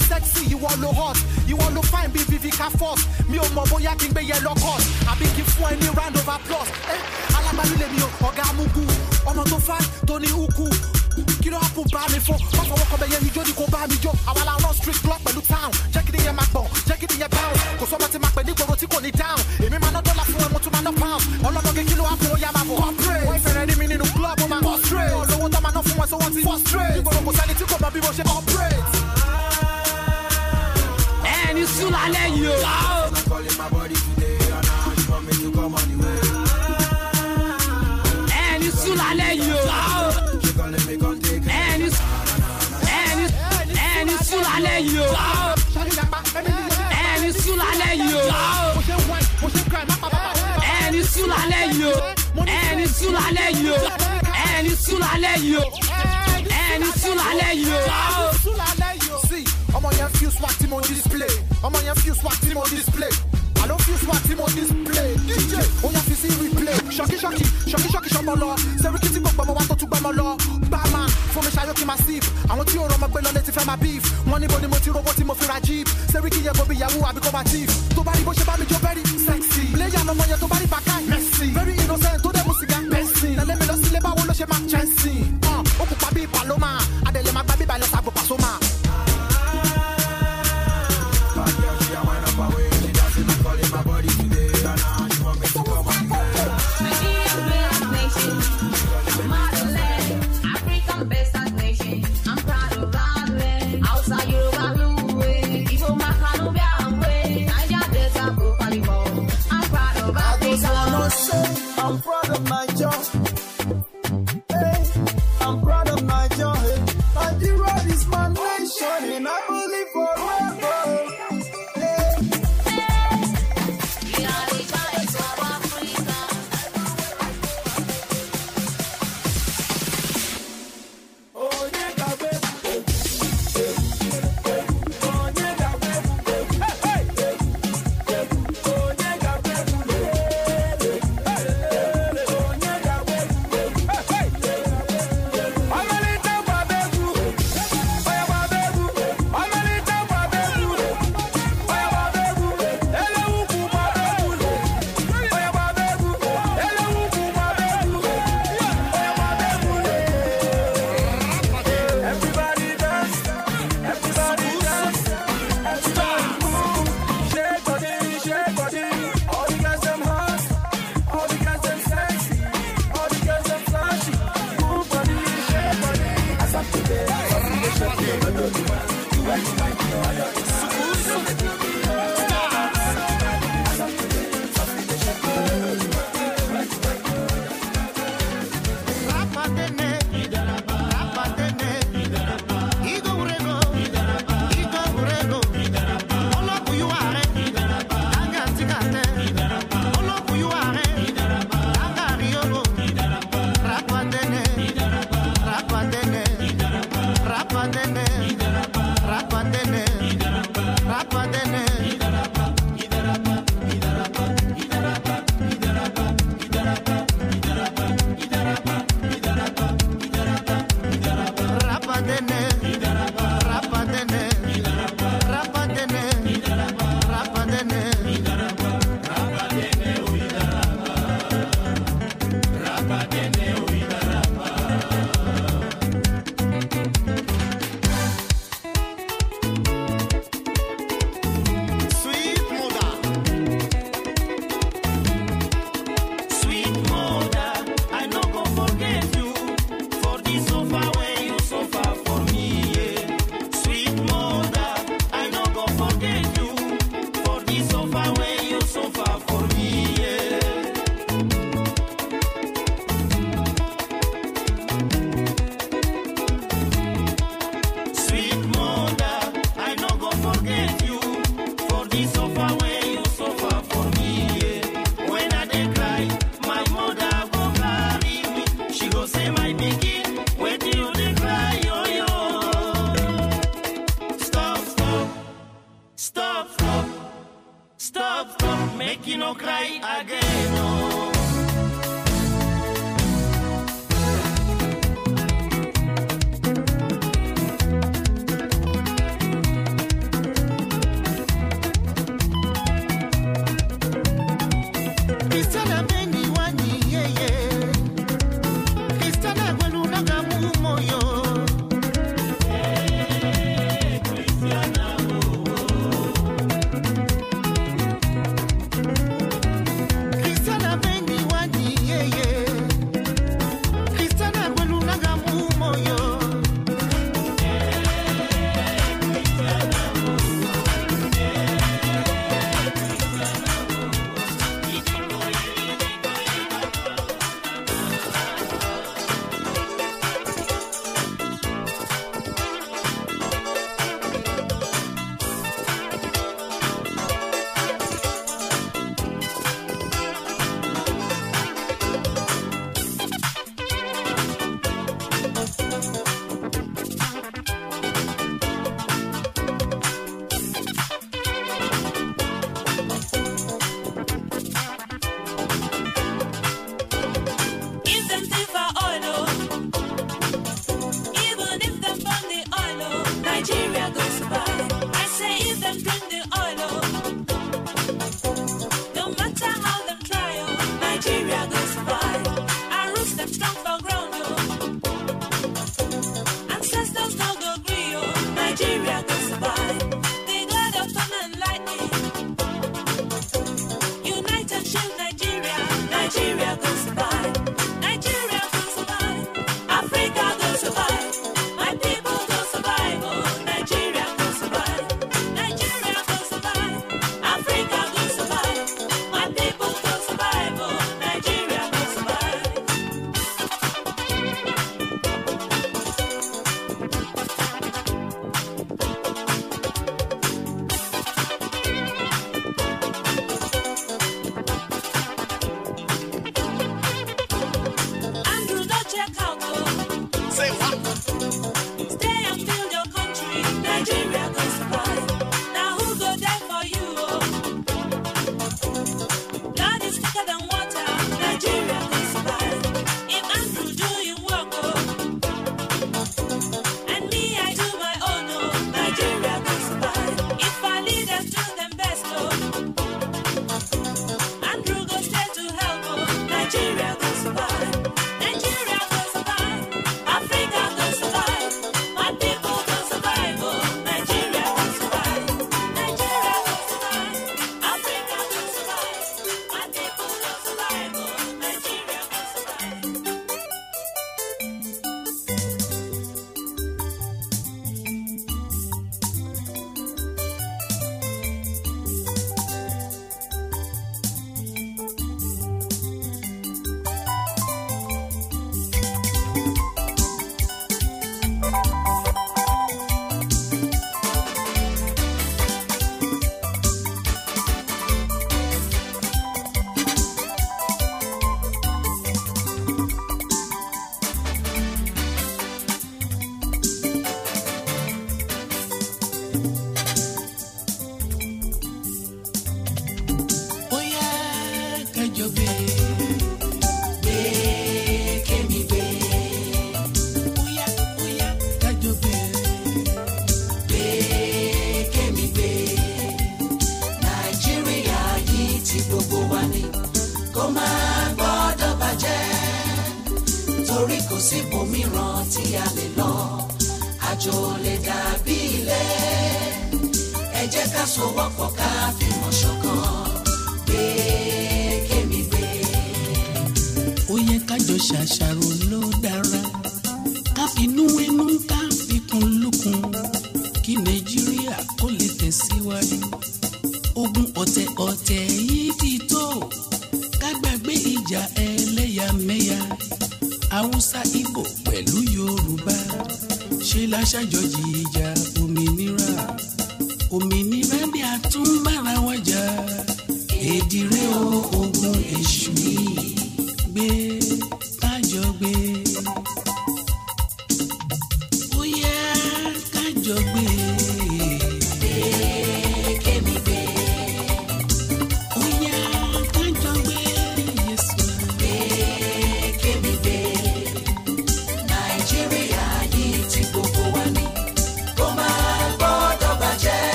sexy, want ló hot, ìwọ ló fine bíi Vivica Fox. Mi ò mọ̀ bóyá kí n gbé yẹn lọ court, àbí kí n fún ẹ round of applause. Alábàálù lè mi o, ọ̀gá amúgú, ọmọ tó fà tó ní ukú. Kí ló hapun bá mi fún? Wọ́n fọwọ́ kọ́ bẹ yẹn ijó ni uku ki I'ma fun won fowo ko do yen go Àwa la run street block pẹ̀lú town. Jẹ́ kí ni yẹn máa gbọ̀n, jẹ́ kí ni I bounce. Kò sọ́mọ́ ti máa pẹ̀ nígboro tí kò ní down. Èmi máa ná dọ́là fún ẹ, mo tún máa ná pound. I'm ló hapun ó yá وجه بريد عيني الصول عليا عيني الصول عليا عيني عيني الصول عليا عيني الصول عليا عيني الصول عليا sùn lálẹ́ yìí o ẹni sùn lálẹ́ yìí o ẹni sùn lálẹ́ yìí o. ọmọ yẹn fi swag tí mo display ọmọ yẹn fi swag tí mo display àló fi swag tí mo display dj ó yẹ fi sí replay ṣọkíṣọkí ṣọkíṣọkí ṣọmọ lọ sẹríkì tí gbogbo ọmọ wa tó tún gbọmọ lọ gbàmà fún mi ṣayọ kí máa sip àwọn tí òòrùn ọmọ gbé lọ létí fẹ́ máa beef wọn níbo ni mo ti rówó tí mo fi ra jeep sẹríkì yẹ gobi yahoo àbíkọ́ máa chief tó bá rí bó ṣe bá mi jó bẹ́rì sexy player lọmọ yẹn tó bá rí bàk ṣe máa chẹ́ǹsì. ọkùnfà bíi paloma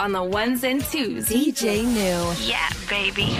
on the ones and twos. DJ New. Yeah, baby.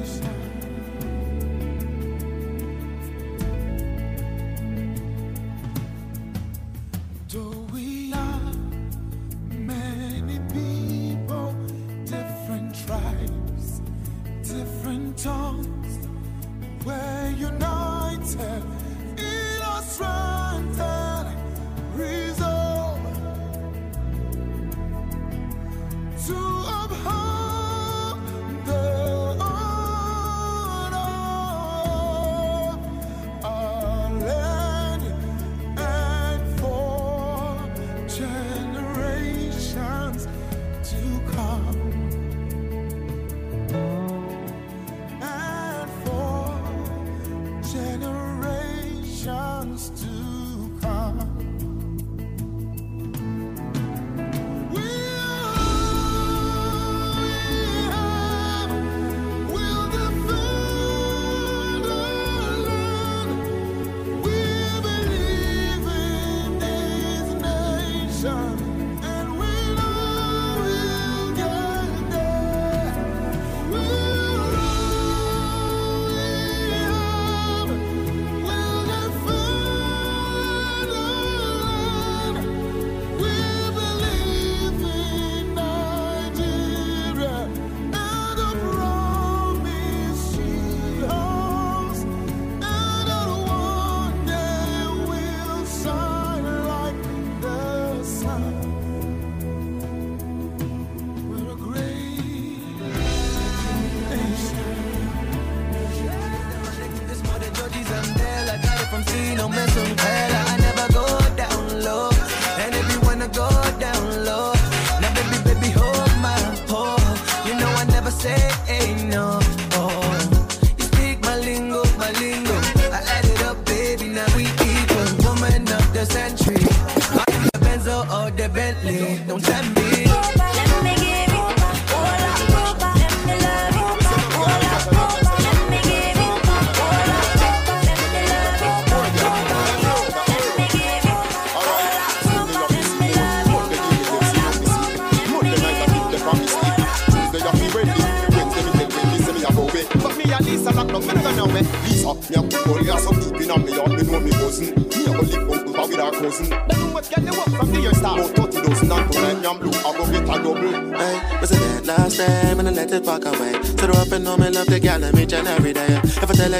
Krishna.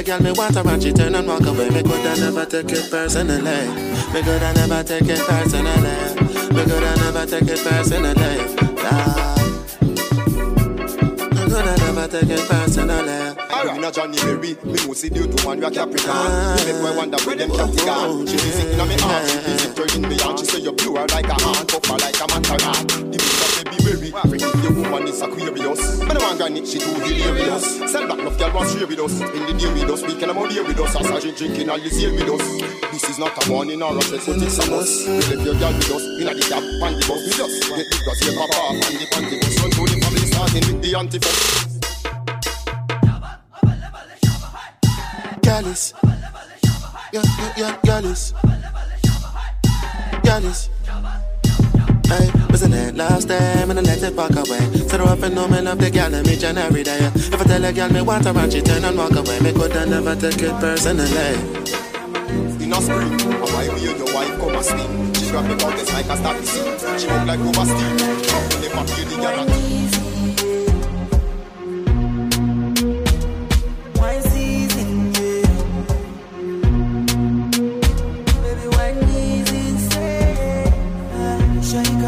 girl, me want her and she turn and walk away. Me coulda never take it personally. Me coulda never take it personally. Me coulda never take it personally. Nah. Me coulda never take it personally. Alright, me a Johnny Berry. Me no see due to man, we a Capricorn. me make boy wonder where them Capricorn. Oh, she be visit on me arms, she be her in me arms. She say you pure like a hand, tougher like a mandarin. The free. Your woman is Aquarius. I don't want granny, she too delirious. Sell back girl wants share with us. In the deal with us, we can amount here with us. As I drinking all this here with us. This is not a morning or a threat, it's a must. We left your girl with us. In a cab, and the bus with us. Get the grass, your papa, and the panty bus. to the family, starting with the antifresh. Gallus. Yeah, yeah, yeah, Gallus. Gallus. Hey, not it last time and I let it walk away. Said her up and know me love the girl and me John every day. If I tell a girl me want her and she turn and walk away, me could never take it personally. In a spring, why wife you your wife come and steam. She grab me the contest like a static She walk like rubber steam. Never feel the guarantee.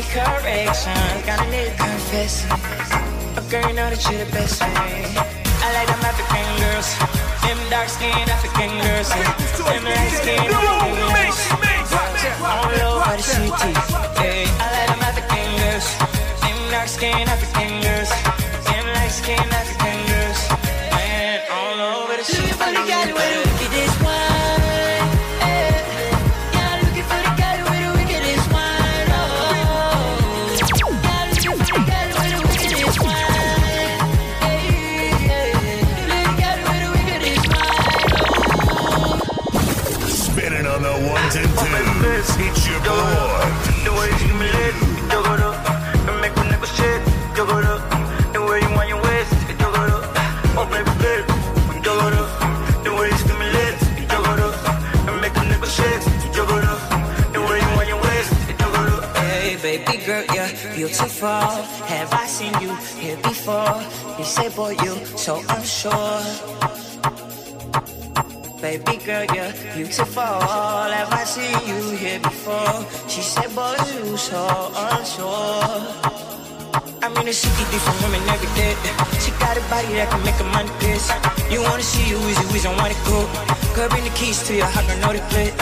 need correction. Gonna need confessing. Oh, girl, you know that you're the best for me. I like them African girls, them dark skinned African girls, them light skinned. before. You say, boy, you so unsure. Baby girl, you're beautiful. Have I seen you here before? She said, boy, you so unsure. I'm in a city, different women every day. She got a body that can make a man piss. You wanna see you easy, we don't wanna go. Girl, bring the keys to your heart, do know the play.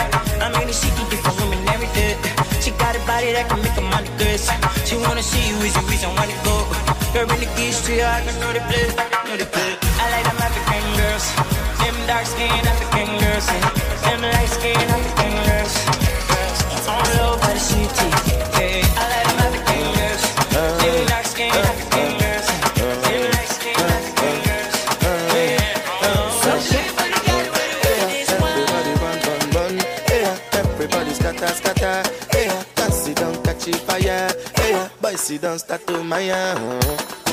I'm in a city, different women every day. She got a body that can make a man piss. She wanna see you easy, we don't wanna go. Girl, when the keys to your heart, I know the place, know the place. I like them African girls, them dark skin African girls, them light skin African girls. I'm all over the city. don't start to my own.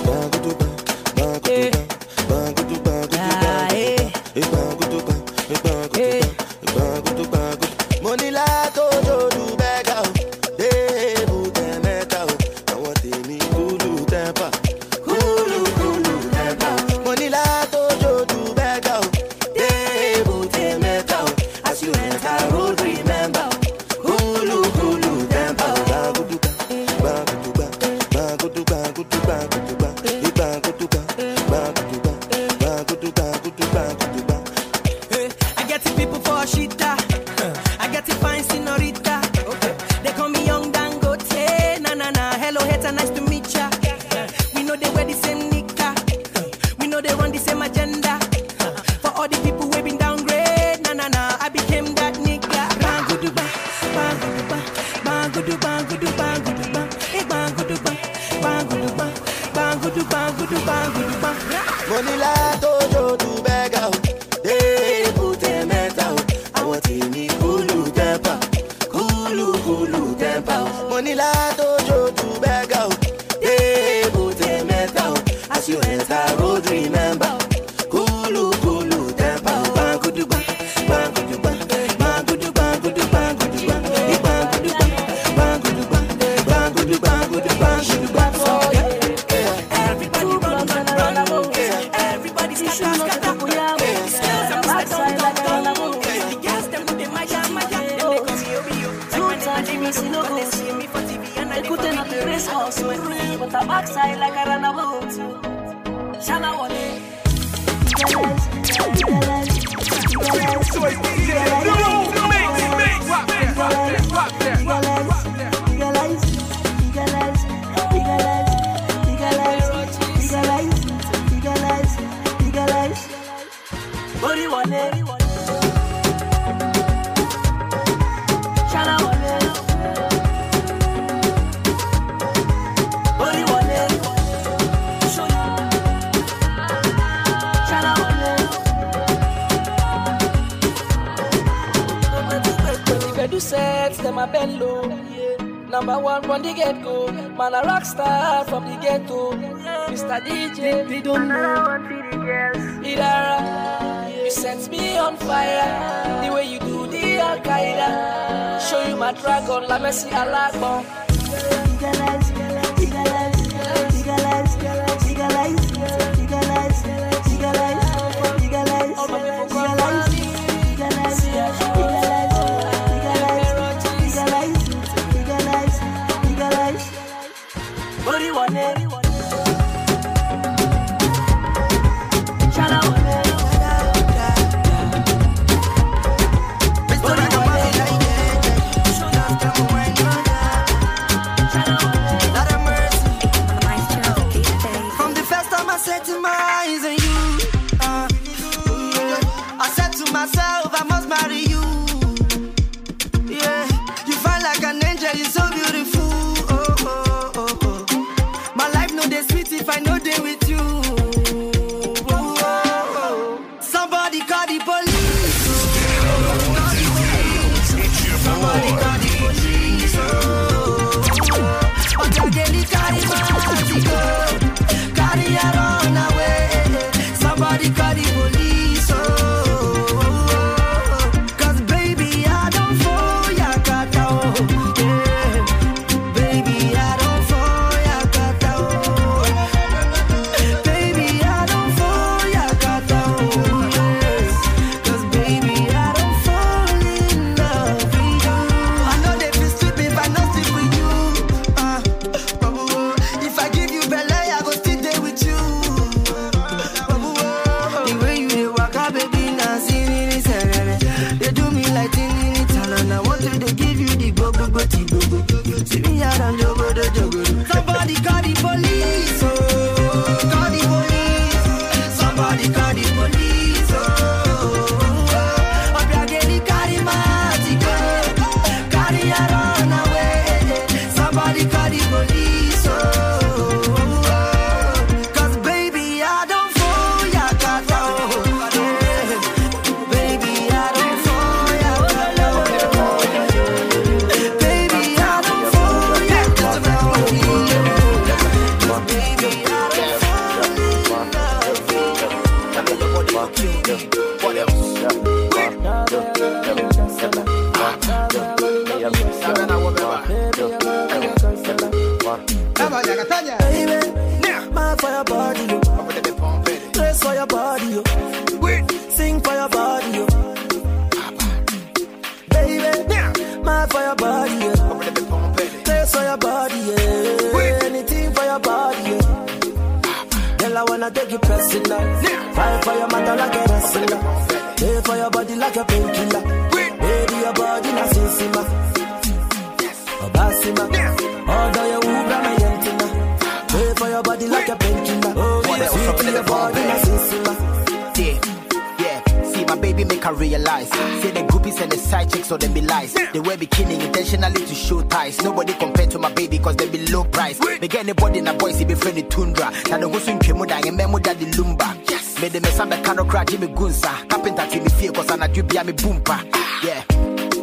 my baby cause they be low price. Me get anybody in a boy see be friendly tundra. Now the hustle in Kemuda and memo that the lumba. Yes. Me de mesa me cano crack Jimmy Gunsa. Carpenter to me fear cause I na dubia me boompa. Ah. Yeah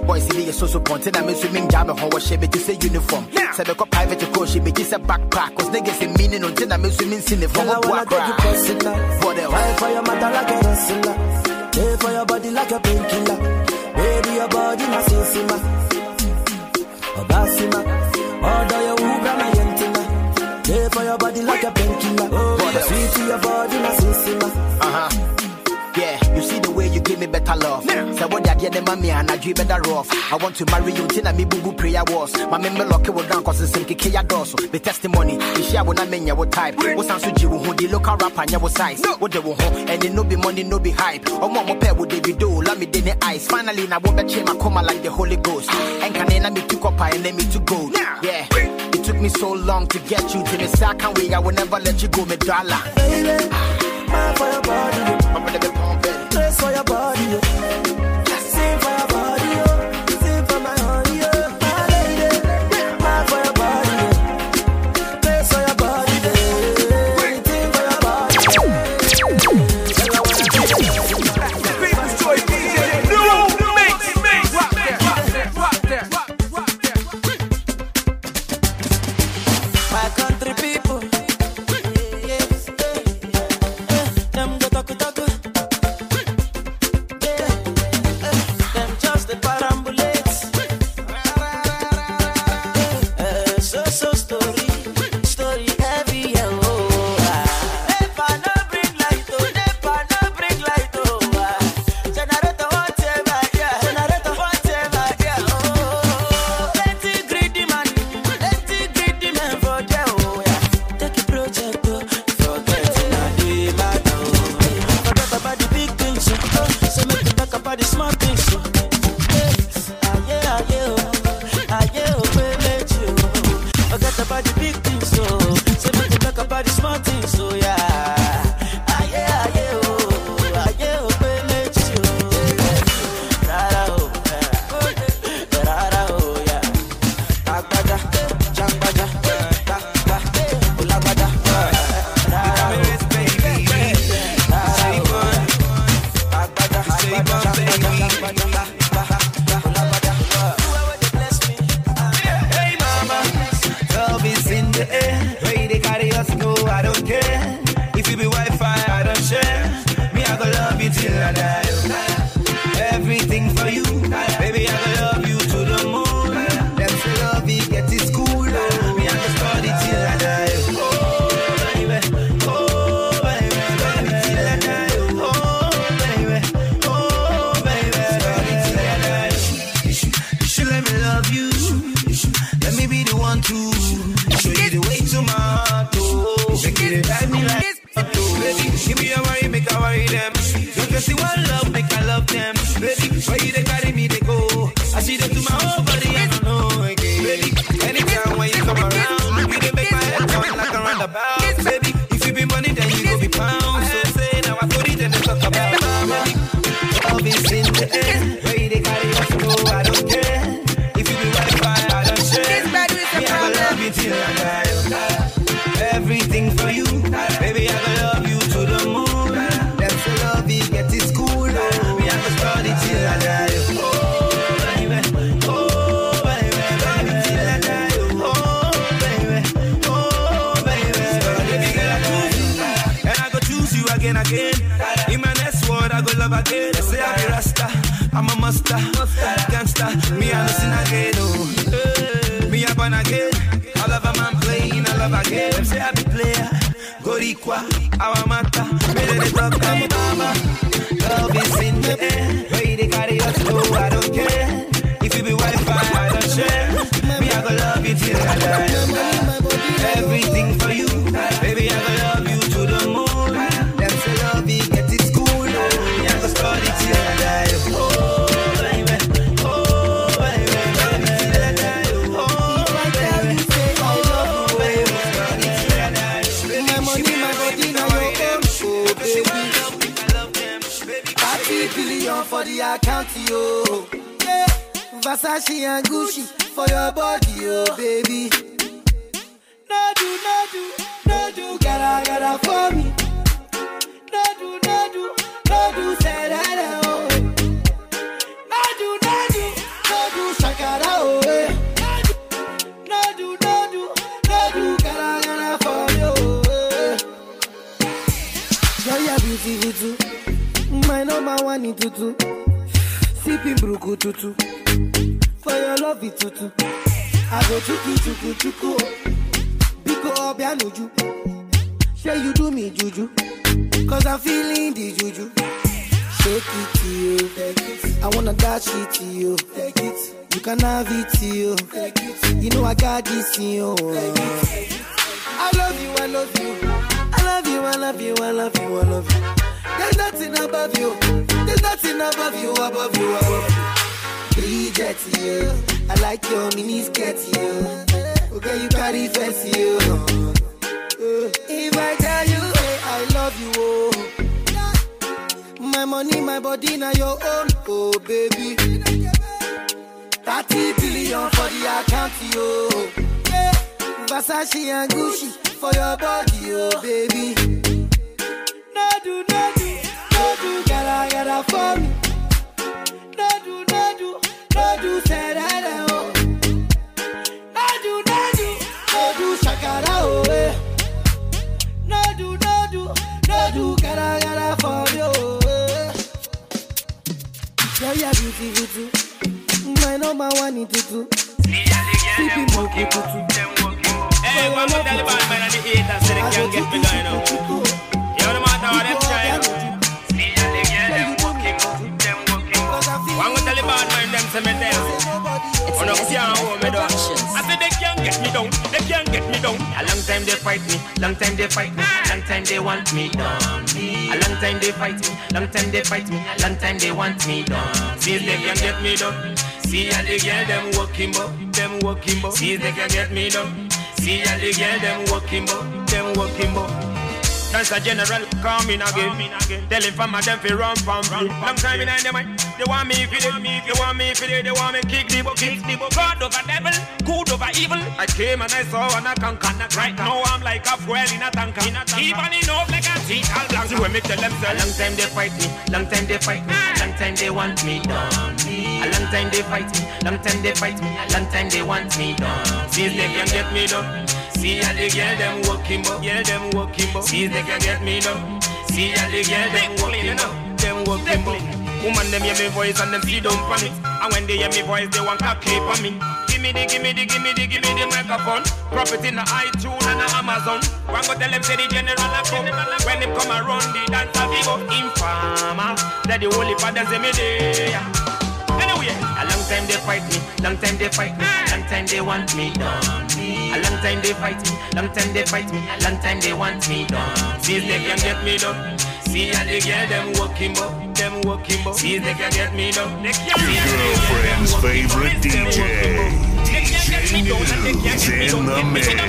boys see me so so I'm swimming jam a whole she me to say uniform say cop private coach she me just a backpack cause niggas in meaning until I'm swimming sin for you what for the why for your mother like a wrestler pay for your body like a painkiller baby your body my sensima obasima Order your Uber, my antenna. Pay for your body like a painkiller. Oh, yeah. Sweet to your body, my sincere. Uh-huh better love. Yeah. Say what you them mommy and I dream better rough. I want to marry you till I me boo boo prayer was. My member lucky will down cause it's simple key doors. The testimony, the share when I mean your type. What's answer you who the local rapper and your size? What they will home and it no be money, no be hype. Oh mama pair would they be do, let me dinner eyes. Finally, now what better, my coma like the Holy Ghost. And can I me took up and let me to gold. Yeah. It took me so long to get you to the second way. I will never let you go, me dollar. Baby, my you. Yeah. Agua, agua Versace and Gucci for your body, oh baby. Take it to you. I wanna dash it to you. You can have it to you. You know I got this in you. I love you, I love you. I love you, I love you, I love you, I love you. There's nothing above you. There's nothing above you, above you, above you. Bridget, you. I like your mini skirt, you. Okay, you carry fancy, you. Uh, if I tell you, hey, I love you, oh my money, my body, now your own, oh baby. 30 billion for the account, yo. Yeah. Versace and Gucci for your body, oh baby. No do, no do, no do, gotta, gotta for me. No do, no do, no do, say that I don't. Oh yeah, beauty, beauty. My number one is tutu. Sipping milk with tutu. Hey, when we tell the bad man and the haters, they can't get me going now. You know, no matter what they try. dance and me dance. me do. I said they can't get me down, they can't get me down. A long time they fight me, long time they fight me, long time they want me done. A long time they fight me, long time they fight me, a long time they want me done. See they can't get me done. See how the girl them walking up, them walking up. See they can't get me done. See how the girl them walking up, them walking up. Mr. General, coming again. Tell him from a them fi run from me. Long time in the mind. They want me for them. They want me for them. They want me kick the book. Kick the book. God over devil, good over evil. I came and I saw and I can't conquered. Right now I'm like a fuel in a tanker. Even in enough like a seat all black. See when me tell them say. A long time they fight me. Long time they fight me. long time they want me done. A long time they fight me. Long time they fight me. A long time they want me done. Since they can get me done. See all the girl them walking up, girl them walking up. See they can get me now. See all the girl them walking up, them walking up. Woman them hear me voice and them see down for me. And when they hear me voice, they want to clip on me. Give me the, give me the, give me the, give me the microphone. Profit in the iTunes and the Amazon. One go tell them say the general a come. When him come around, the dancer be go informer. That the holy father say me there. Anyway time they fight me, long time they fight me, long time they want me done. A long time they fight me, long time they fight me, long time they want me done. Since they can get me done. See and the girl them walking up, them walking up. See if they can get me now. Your girlfriend's favorite DJ. News in the mix. I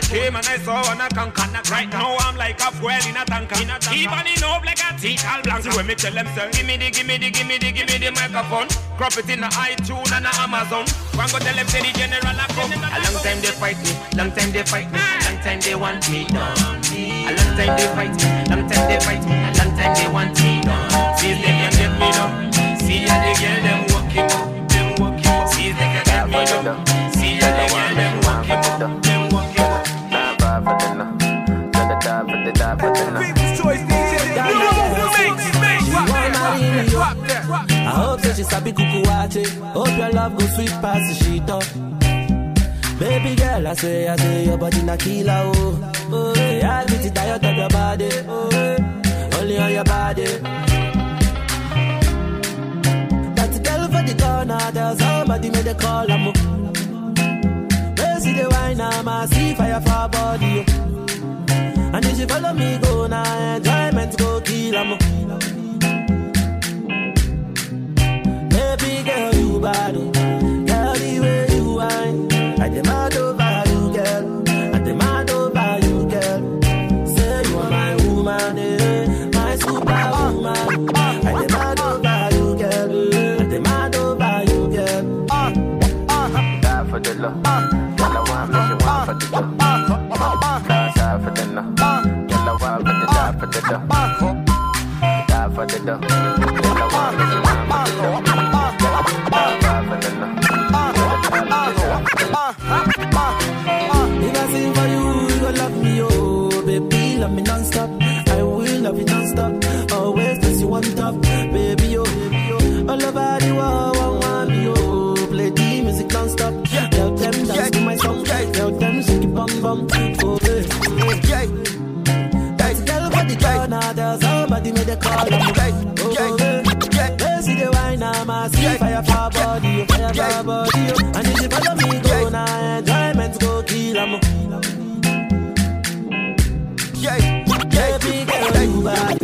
came and I saw on a conker. Right now I'm like a fuel in a tanker. Even in up like a teeth all blank. See when me tell them, sir, give me the, give me the, give me the, give me the microphone. Crop it in the iTunes and the Amazon. One go tell them, say the general I come. A long time they fight me, long time they fight me, long time they want me done. A long time they fight me, long time they fight me, a long time they want me done. See if they can get me down. See how they girl them walking up, them walking up. See if they can get me down. See walking up, them walking up. Nah, bah, but then no. Gotta die, but they die, but I hope that she's happy, cuckoo, watch it. Hope your love goes sweet past the sheet up. Baby girl, I say, I say, your body na killer, oh. Oh, yeah, I get it tired of your body, oh. Only on your body. That girl for the corner, there's somebody made a call, I'm up. see the wine, I'm a see fire for body, oh. And if she follow me, go now, enjoyment go kill, I'm Baby girl, you bad, oh. girl, the way you whine. I demand over you, girl. I demand over you, girl. Say you my woman, eh? my superwoman. I demand over you, girl. I demand over you, girl. die for the love. Uh, girl, I want me, she for the love. Die, for the love. Girl, I want me, die for the love. Die for the love. body me they call me. oh, They see the wine I'm a see yeah. fire for body, fire yeah. for body. And if you follow me go yeah. now, diamonds go kill 'em. Yeah, yeah, baby girl, you bad.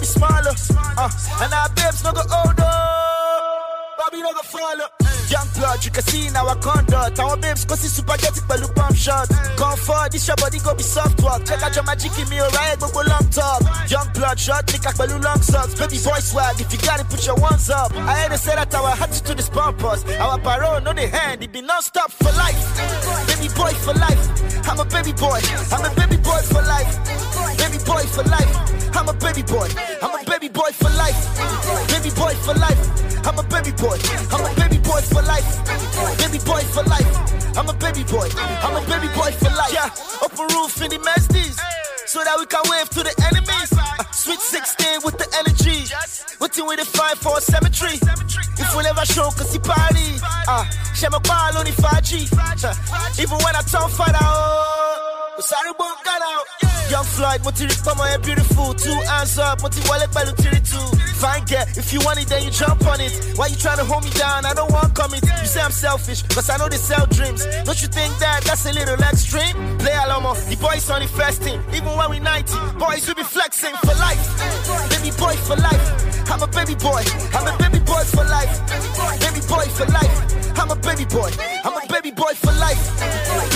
be smaller. Uh, and our babes no go older. Bobby no go follow. Young blood, you can see in our conduct. Our babes go see super spaghetti pẹ̀lú pump shot. Comfort, this your body go be soft walk. Check out your magic in me, alright, gbogbo long top. Young blood, shot, nigga pẹ̀lú long socks. Baby boy swag, if you got it, put your ones up. I ain't say that our hats to is pompous. Our parole, no the hand, it be non-stop for life. Baby boy for life. I'm a baby boy. I'm a baby boy for life. Baby boy for life. I'm a baby boy. I'm a baby boy for life. Baby boy for life. I'm a baby boy. I'm a baby boy for life. Baby boy for life. I'm a baby boy. I'm a baby boy for life. Yeah, up a roof in the Mazdies. So that we can wave to the enemies. Uh, sweet 16 with the energy. what with the five for a cemetery. If we never show, cause he party. Ah, uh, share my ball on the 5G. Uh, even when I talk, fight out. Oh. Sorry, bone got out. Young Floyd, mo ti rí pọ́mọ ẹ beautiful. Two hands up, mo ti wọlé pẹ̀lú tiri two. Fine girl, if you want it, then you jump on it. Why you trying to hold me down? I don't want coming. You say I'm selfish, cause I know they sell dreams. Don't you think that that's a little extreme? Play Alomo, the boys on the first team. Even when we 90, boys will be flexing for life. Baby boy for life. I'm a baby boy. I'm a baby boy for life. Baby boy for life. I'm a baby boy. I'm a baby boy for life.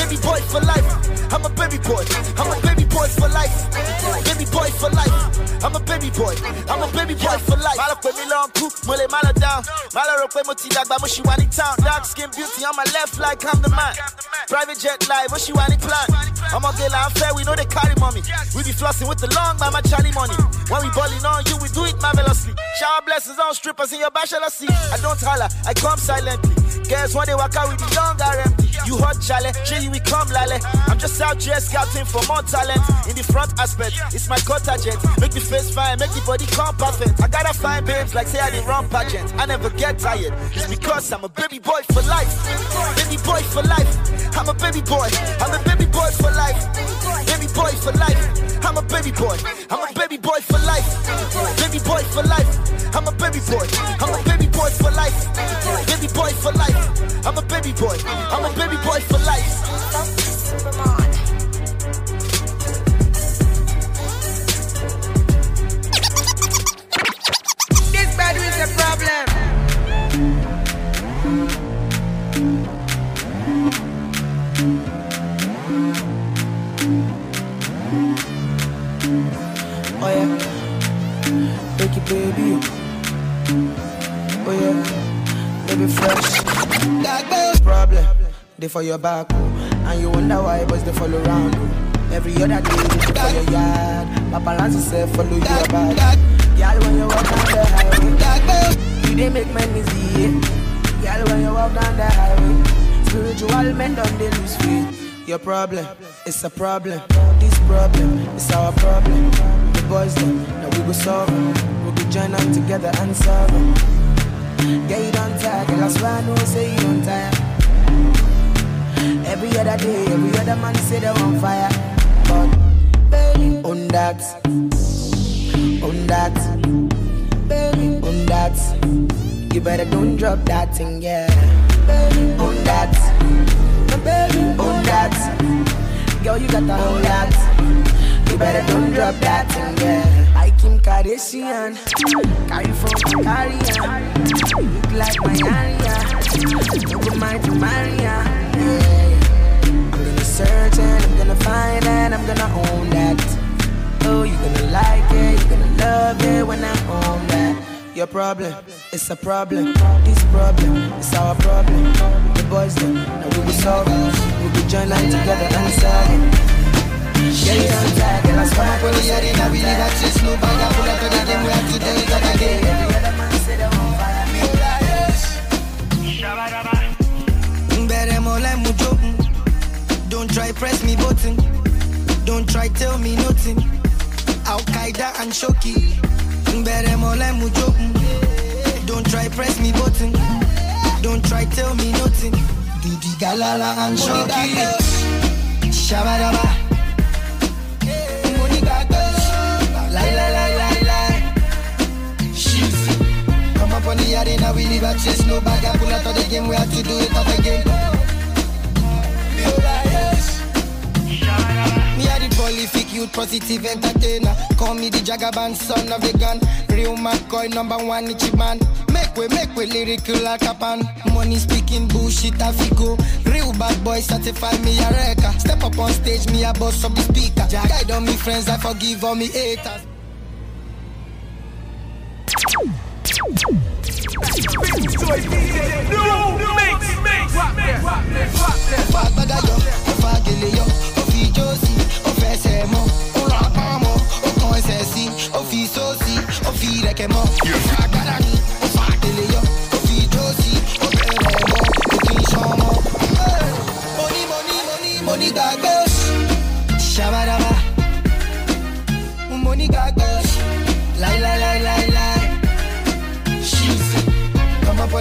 Baby boy for life. I'm a baby baby boy. I'm a baby boy for life. Baby boy for life. I'm a baby boy. I'm a baby boy for life. Mala pe mi long poop, mole mala down. Mala ro pe mo ti dagba mo she want town. Dark skin beauty on my left like I'm the man. Private jet live, what she plan. I'm a girl I'm fair, we know they carry mommy. We be flossing with the long by my Charlie money. When we balling on you, we do it marvelously. Shower blessings on strippers in your bachelor seat. I don't holler, I come silently. Girls, when they walk out with the young are empty. You hot jale, Jay, we come lale. I'm just out here year scouting for more talent in the front aspect. It's my cut jet. Make the face fine, make the body come perfect. I gotta find babes like say I did wrong pageant. I never get tired. It's because I'm a baby boy for life. Baby boy for life. I'm a baby boy. I'm a baby boy for life. Baby boy for life. I'm a baby boy. I'm a baby boy for life. Baby boy for life. I'm a baby boy. I'm a baby boy for life. Baby boy for life. I'm a baby boy. I'm a baby boy for life. for your back, oh. and you wonder why boys they follow around. Oh. Every other day you for your yard, Papa Lance say follow your back. Girl, when you walk down the highway, you they make men easy. Yeah. Girl, when you walk down the highway, spiritual men don't they lose feet. Your problem, it's a problem. This problem, it's our problem. The boys them, now we will solve We will join them together and solve them. Yeah, you do girl, I swear I know say you don't tire. Every other day, every other man say they're on fire. But baby, on that, on that, baby, on that. You better don't drop that thing, yeah. Baby, on that, baby, on that. Girl, you gotta own that. You better don't drop that thing, yeah. Kim Kardashian. Carry from Korea. Look like my area. Look at my Maria. Certain, I'm gonna find that, I'm gonna own that. Oh, you're gonna like it, you're gonna love it when I own that. Your problem, it's a problem. This problem, it's our problem. The boys, them, now we will solve it. We'll be joined together and solve it. every that Veremos la mucho don't try press me button. Don't try tell me nothing. Al Qaeda and Shoki. Don't try press me button. Don't try tell me nothing. Do the galala and Shoki. Shabadaba. Come up on the arena, we live a chase, no bag, I pull out of the game, we have to do it up again. Me a the prolific youth positive entertainer. Call me the Jagaban son of the gun. Real McCoy number one itchy man. Make way, make way, lyrical like a pan. Money speaking bullshit, I fi go. Real bad boy certify me a wrecker. Step up on stage, me a boss up the speaker. Guide on me friends, I forgive all me haters. Big mix, mix, mix, mix, mix, mix, mix, fi jó sí ó fẹsẹ̀ mọ́ ó ra apá mọ́ ó kan ẹsẹ̀ sí ó fi só sí ó fi rẹ̀kẹ̀ mọ́ ó fa agbára ni ó fa àtẹlẹ yọ ó fi jó sí ó bẹ̀rẹ̀ mọ́ kò kí n ṣan mọ́. mo ní mo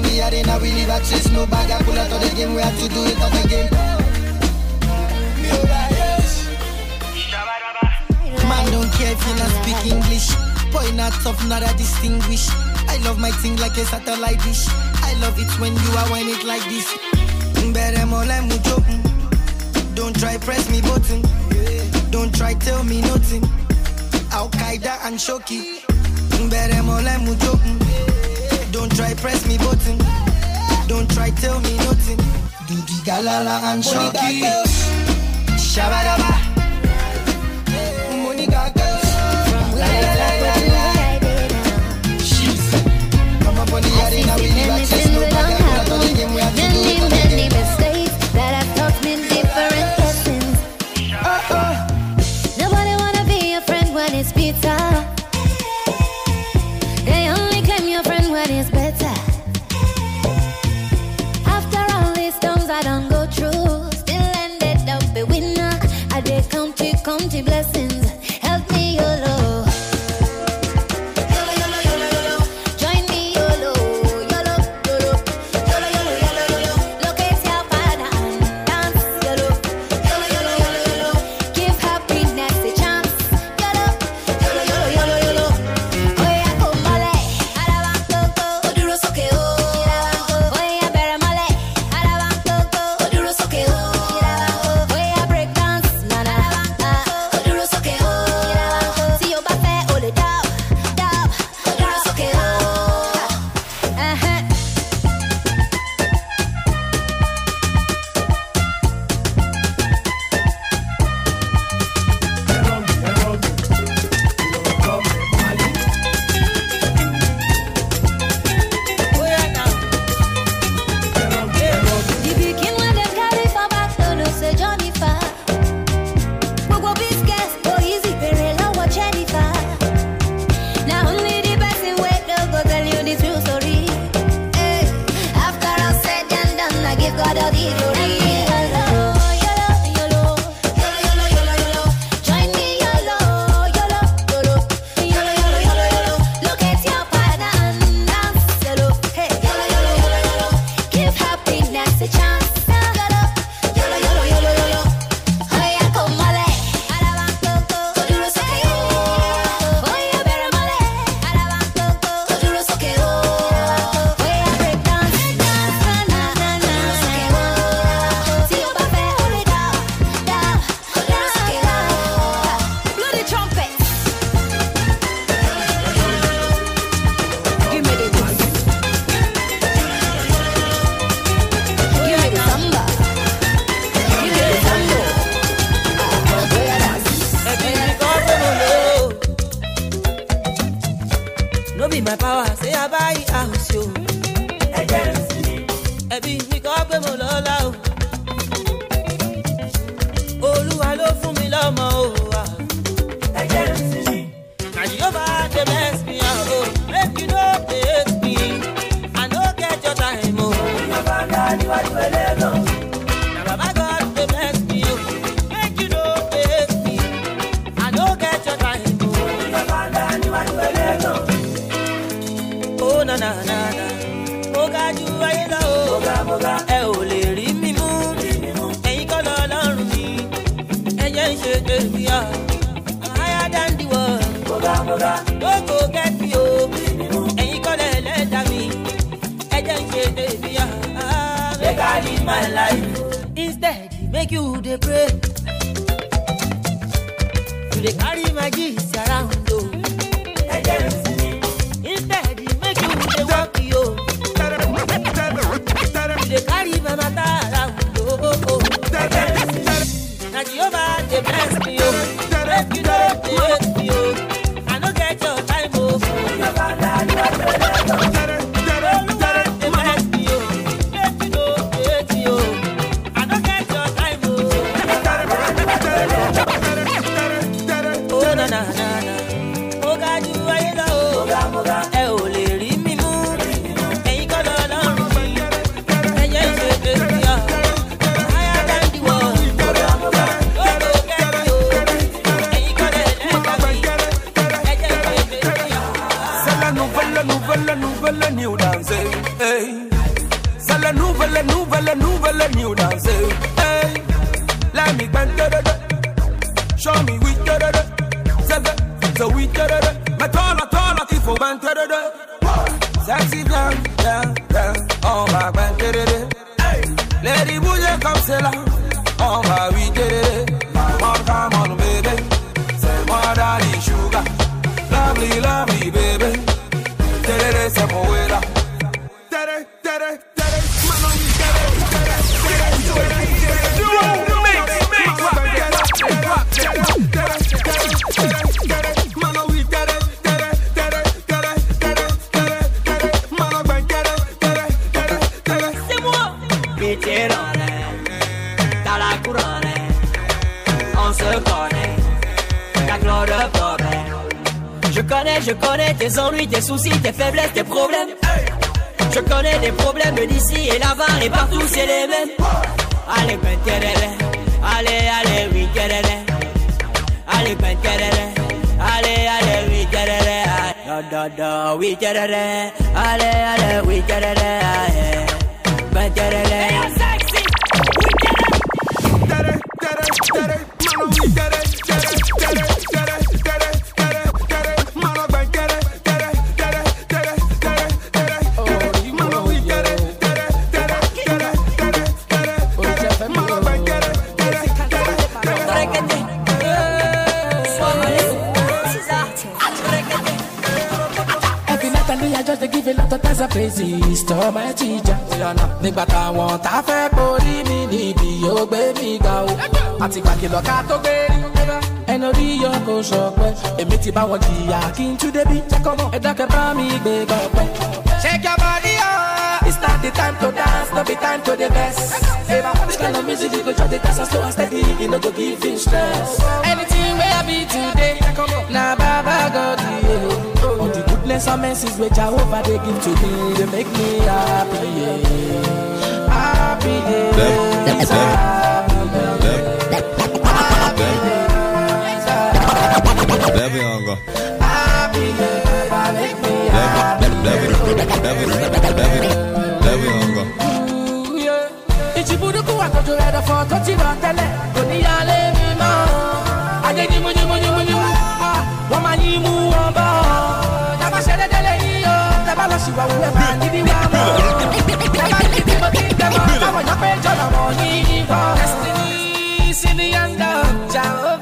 ní arena we live at chase no bag I pull out of the game we have to do it all again. Oh. Man don't care if you not speak English. Boy not tough, not a distinguish. I love my thing like a satellite dish. I love it when you are when it like this. Better more Don't try press me button. Don't try tell me nothing. Al Qaeda and Shoki. Better more Don't try press me button. Don't try tell me nothing. Do the galala and Shoki. Shabadaba. Like da Sexy girl. Ale penterere, ale ale we terere, ale penterere, ale ale we terere, da da da we terere, ale ale we terere, penterere. nígbà táwọn tá fẹ́ borí mi níbi yóò gbé mi ga o àti gbàkìlọ̀ ká tó gbé rí ẹni orí yọ kó sọpẹ́ èmi ti bá wọn jìyà kí n tún débi jẹ́kọ̀mọ́ ẹ̀dá kẹfà mi gbé gbọ̀pẹ́. ṣé kí a máa ọ. It's not the time to dance, no be time to the best. Hey, this kind of music you go try to dance slow and steady, you know go give him stress. Anything where I be today, na Baba God, yeah goodness and mercies which Jehovah they give to me, they make me happy. Yeah. Happy. Yeah. It's happy. Leve anga. Leve anga. Ichiburuku wa kojo rẹ dọfọ tó ti rọ tẹ́lẹ̀ kò níyàlé mi mọ́. Ajé ni mo ní mo ní mo ní wọ́n máa ní mú wọn lọ ṣìwà òwe máa níbí destiny sí ní yàrá ọjà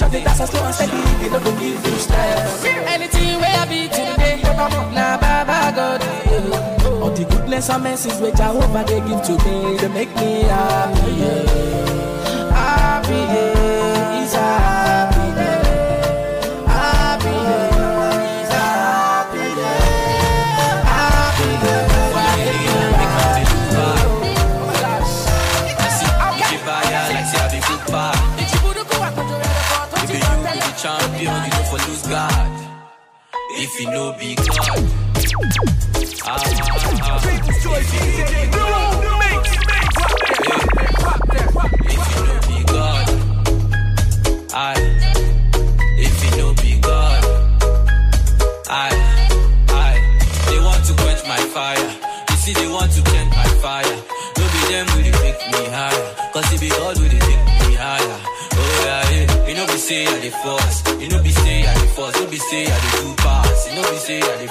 chop it, that's a slow and steady. They don't go give you stress. Anything where I be today, na Baba God. All the goodness and mercies which i they give to me, they make me happy. Happy. no big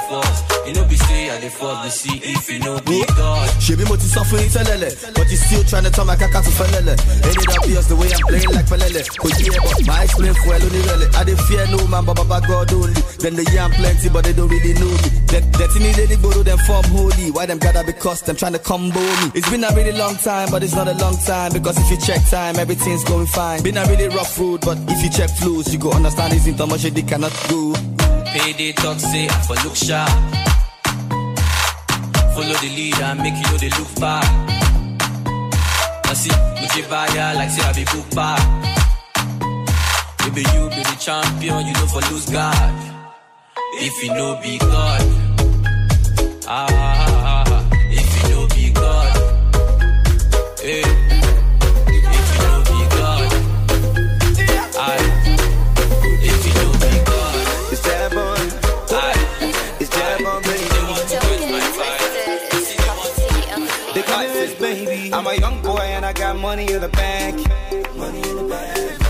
force. You know, be say I dey force to see if you know be God. She be moti soft for intelele, but you still trying to turn my caca to felele. Ain't it obvious the way I'm playing like felele? But yeah, but my explain well only really. I dey fear no man, but Baba God only. Then they yam plenty, but they don't really know me. That that in the borrow them form holy. Why them gather because them trying to combo me? It's been a really long time, but it's not a long time because if you check time, everything's going fine. Been a really rough road, but if you check flows, you go understand it's not much they cannot do the tax, say for look sharp. Follow the leader, make you know they look far. I see Mujibaya like say I be book back. Baby you be the champion, you know for lose God. If you know be God, ah. I'm a young boy and I got money in the bank. Money in the bank.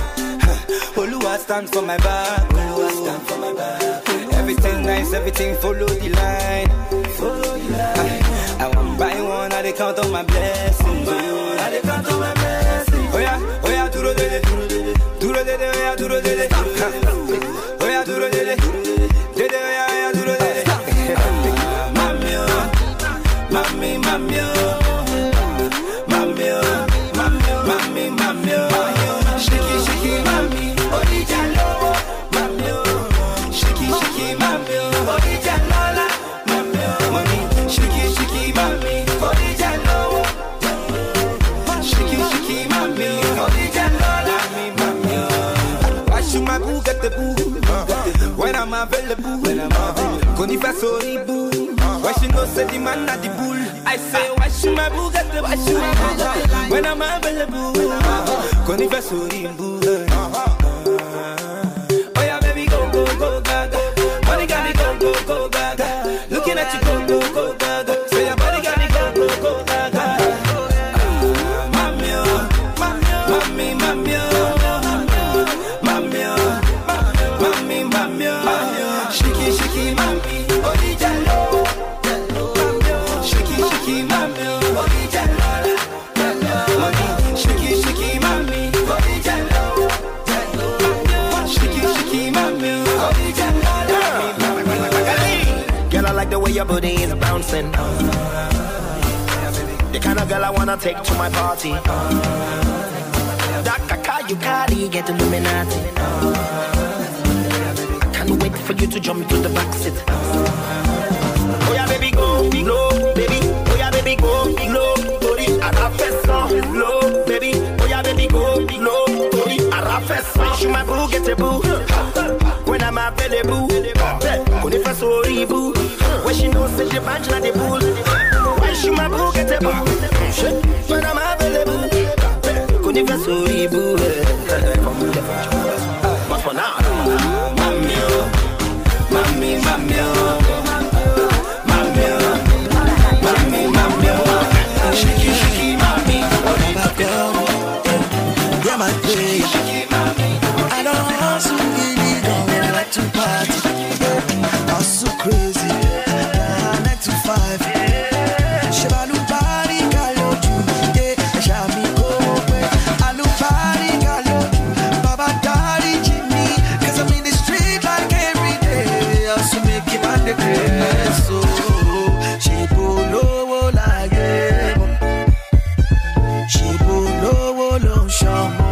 Huh. Olua stand for my back. Olua stand for my back. Everything nice, everything follow the line. Follow the line. I, I want buy one, I they count on my blessings. I they count on my blessings. Oh yeah, oh yeah, duro dele, duro dele, duro dele, oh yeah, duro dele, oh yeah, duro dele. say the man not the bull. I say, wash my Bugatti, wash my Bugatti. When I'm available, when I'm available. Conifer Sorimbu. wanna take to my party. Uh, Dr. Kayukari, get Illuminati. Uh, can't wait for you to jump to the back seat. Uh, oh yeah, baby, go low, baby. Oh yeah, baby, go low, Tori. Arafesa, low, baby. Oh yeah, baby, go low, Tori. Arafesa. When my boo, get a boo. When I'm available, when if I saw you, when she knows that the band's not the bull. I'm madame, avez-vous? Qu'on show.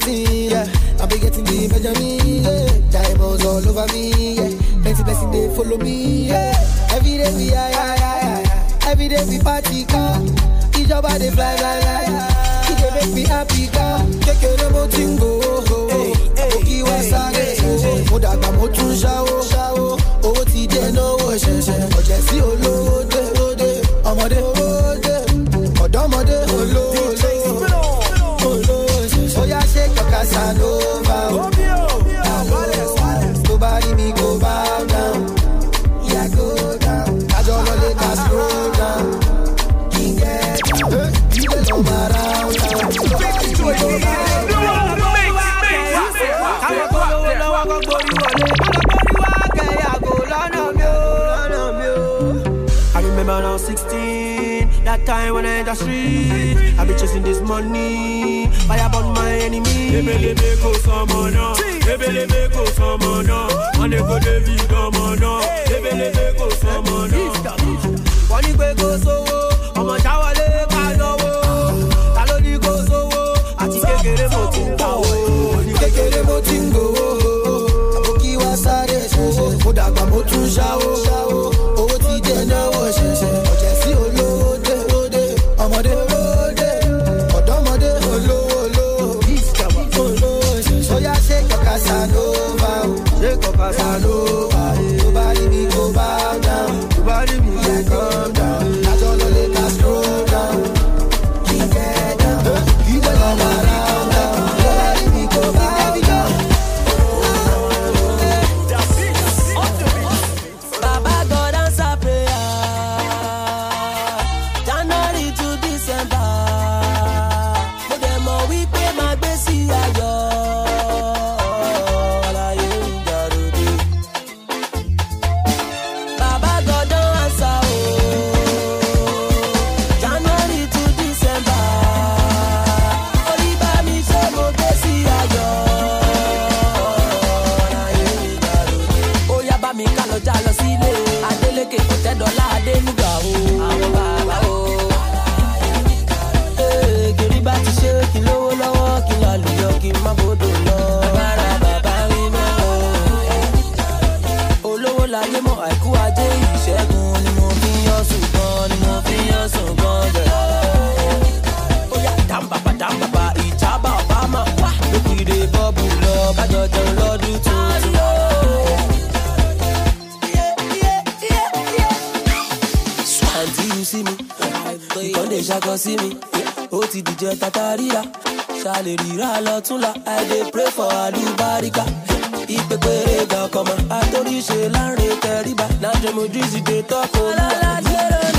17, yeah. I be getting the Benjamin, yeah. Diamonds all over me, yeah. Plenty blessing they follow me, yeah. Every day we I, I, I, I. Every day we party, car. Each job I they fly, fly, fly. He can make me happy, car. Take your number, tingo. Hey, hey, hey, hey, hey, hey, hey, kind when I hit the street. I be chasing this money, fire burn my enemy. Ebelebe ko samana, ebelebe ko samana, ane ko devi gamana, ebelebe ko samana. Wọ́n ní kó sówó, ọmọ ṣáwálé. Salud. ṣàkọ sí mi ó ti dìjẹ́ tata ríra ṣàlè ríra lọ́túnla i dey pray for àlùbáríkà ìpè péré gan kọmọ àtòríṣe láre tẹríba náà jẹ́ mojú ìsìdè tọ́kọ̀ ọ̀la. ọlọ́lá jẹ́rọ̀